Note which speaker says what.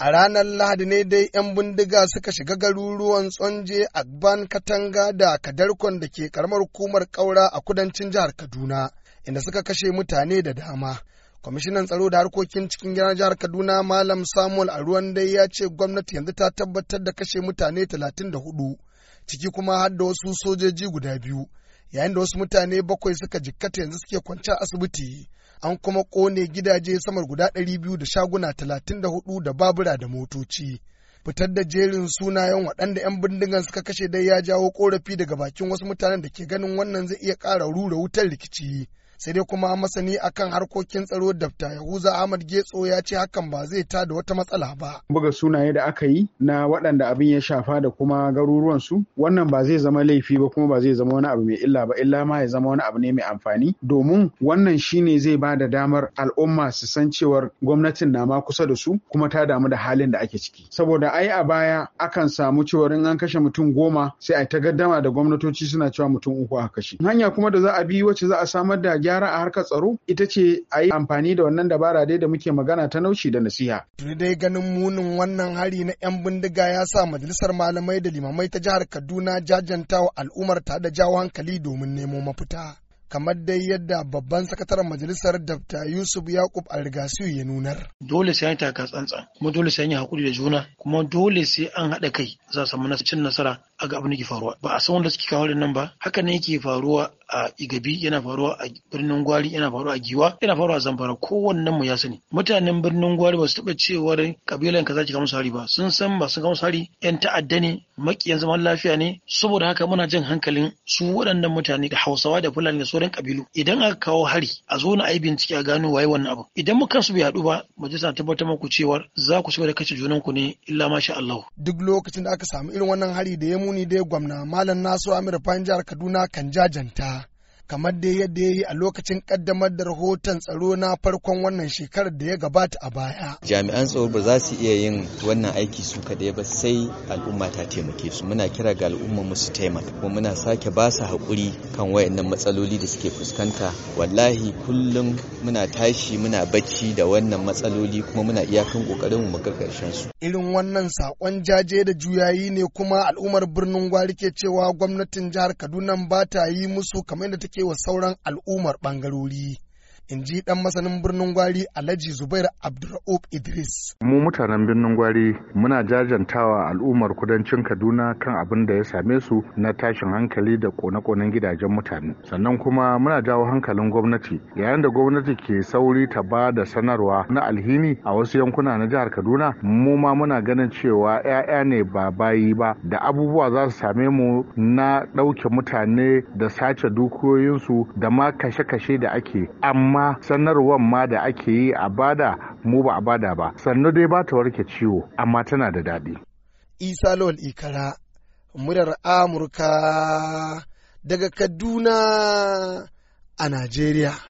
Speaker 1: A ranar Lahadi ne dai ‘yan bindiga suka shiga garuruwan Tsonje, Agban, Katanga da Kadarkon da ke karamar hukumar kaura a kudancin jihar Kaduna, inda suka kashe mutane da dama. Kwamishinan tsaro da harkokin cikin gidan jihar Kaduna Malam Samuel a ruwan dai ya ce gwamnati yanzu ta tabbatar da kashe mutane 34 ciki kuma har da wasu sojoji guda biyu yayin da wasu mutane bakwai suka jikkata yanzu suke kwance asibiti an kuma kone gidaje samar guda ɗari biyu da shaguna talatin da babura da motoci fitar da jerin sunayen waɗanda 'yan bindigan suka kashe dai ya jawo korafi daga bakin wasu mutanen da ke ganin wannan zai iya ƙara rura wutar rikici sai dai kuma masani akan harkokin tsaro dafta yahuza ahmad getso ya ce hakan ba zai ta da wata matsala ba
Speaker 2: buga sunaye da aka yi na waɗanda abin ya shafa da kuma garuruwan su wannan ba zai zama laifi ba kuma ba zai zama wani abu mai illa ba illa ma ya zama wani abu ne mai amfani domin wannan shine zai ba da damar al'umma su san cewar gwamnatin na ma kusa da su kuma ta damu da halin da ake ciki saboda ai a baya akan samu cewar in an kashe mutum goma sai a ta gaddama da gwamnatoci suna cewa mutum uku a kashe hanya kuma da za a bi wacce za a samar da gyara a harkar tsaro ita ce a yi amfani da wannan dabara dai da muke magana ta naushi da nasiha.
Speaker 1: Tuni dai ganin munin wannan hari na 'yan bindiga ya sa majalisar malamai da limamai ta jihar Kaduna jajanta wa al'ummar ta da jawo hankali domin nemo mafita. kamar dai yadda babban sakataren majalisar Dr yusuf yakub algasiyu ya nunar
Speaker 3: dole sai an yi taka tsantsan kuma dole sai an yi hakuri da juna kuma dole sai an haɗa kai za a samu cin nasara a ga abin da ke faruwa ba a san wanda suke kawo nan ba haka ne yake faruwa a Igabi yana faruwa a birnin Gwari yana faruwa a Giwa yana faruwa a Zamfara kowannen mu ya sani mutanen birnin Gwari ba su taba cewar kabilan kaza ki ga hari ba sun san ba sun musu hari yan ta'adda ne maƙiyan zaman lafiya ne saboda haka muna jin hankalin su waɗannan mutane da Hausawa da Fulani da sauran kabilu idan aka kawo hari a zo na ayi bincike a gano waye wannan abu idan mu kansu bai haɗu ba majalisa tabbatar muku cewa za ku shiga da kace junan ku ne illa masha Allah duk lokacin da aka samu irin wannan hari da
Speaker 1: ya muni da dai gwamna malam Nasiru Amir Fahim Kaduna kan jajanta kamar dai yadda ya yi a lokacin kaddamar da rahoton tsaro na farkon wannan shekarar da ya gabata a baya.
Speaker 2: Jami'an tsaro ba za su iya yin wannan aiki su kaɗai ba sai al'umma ta taimake su. Muna kira ga al'umma musu su taimaka kuma muna sake ba su haƙuri kan wayannan matsaloli da suke fuskanta. Wallahi kullum muna tashi muna bacci da wannan matsaloli kuma muna iyakan ƙoƙarin mu ga karshen
Speaker 1: su. Irin wannan saƙon jaje da juyayi ne kuma al'ummar birnin Gwari ke cewa gwamnatin jihar Kaduna ba ta yi musu kamar yadda take wa sauran al'ummar ɓangarori. in ji dan masanin birnin gwari alhaji zubair abdurra'ub idris
Speaker 4: mu mutanen birnin gwari muna jajantawa al'ummar kudancin kaduna kan abin da ya same su na tashin hankali da kone-konen gidajen mutane sannan kuma muna jawo hankalin gwamnati yayin da gwamnati ke sauri ta ba da sanarwa na alhini a wasu yankuna na jihar kaduna mu ma muna ganin cewa 'ya'ya ne ba bayi ba da abubuwa za su same mu na ɗauke mutane da sace dukiyoyinsu da ma kashe-kashe da ake amma kuma sanarwar ma da ake yi a bada mu ba a bada ba sannu dai ba ta warke ciwo amma tana da daɗi.
Speaker 1: isa lawal ikara murar amurka daga kaduna a najeriya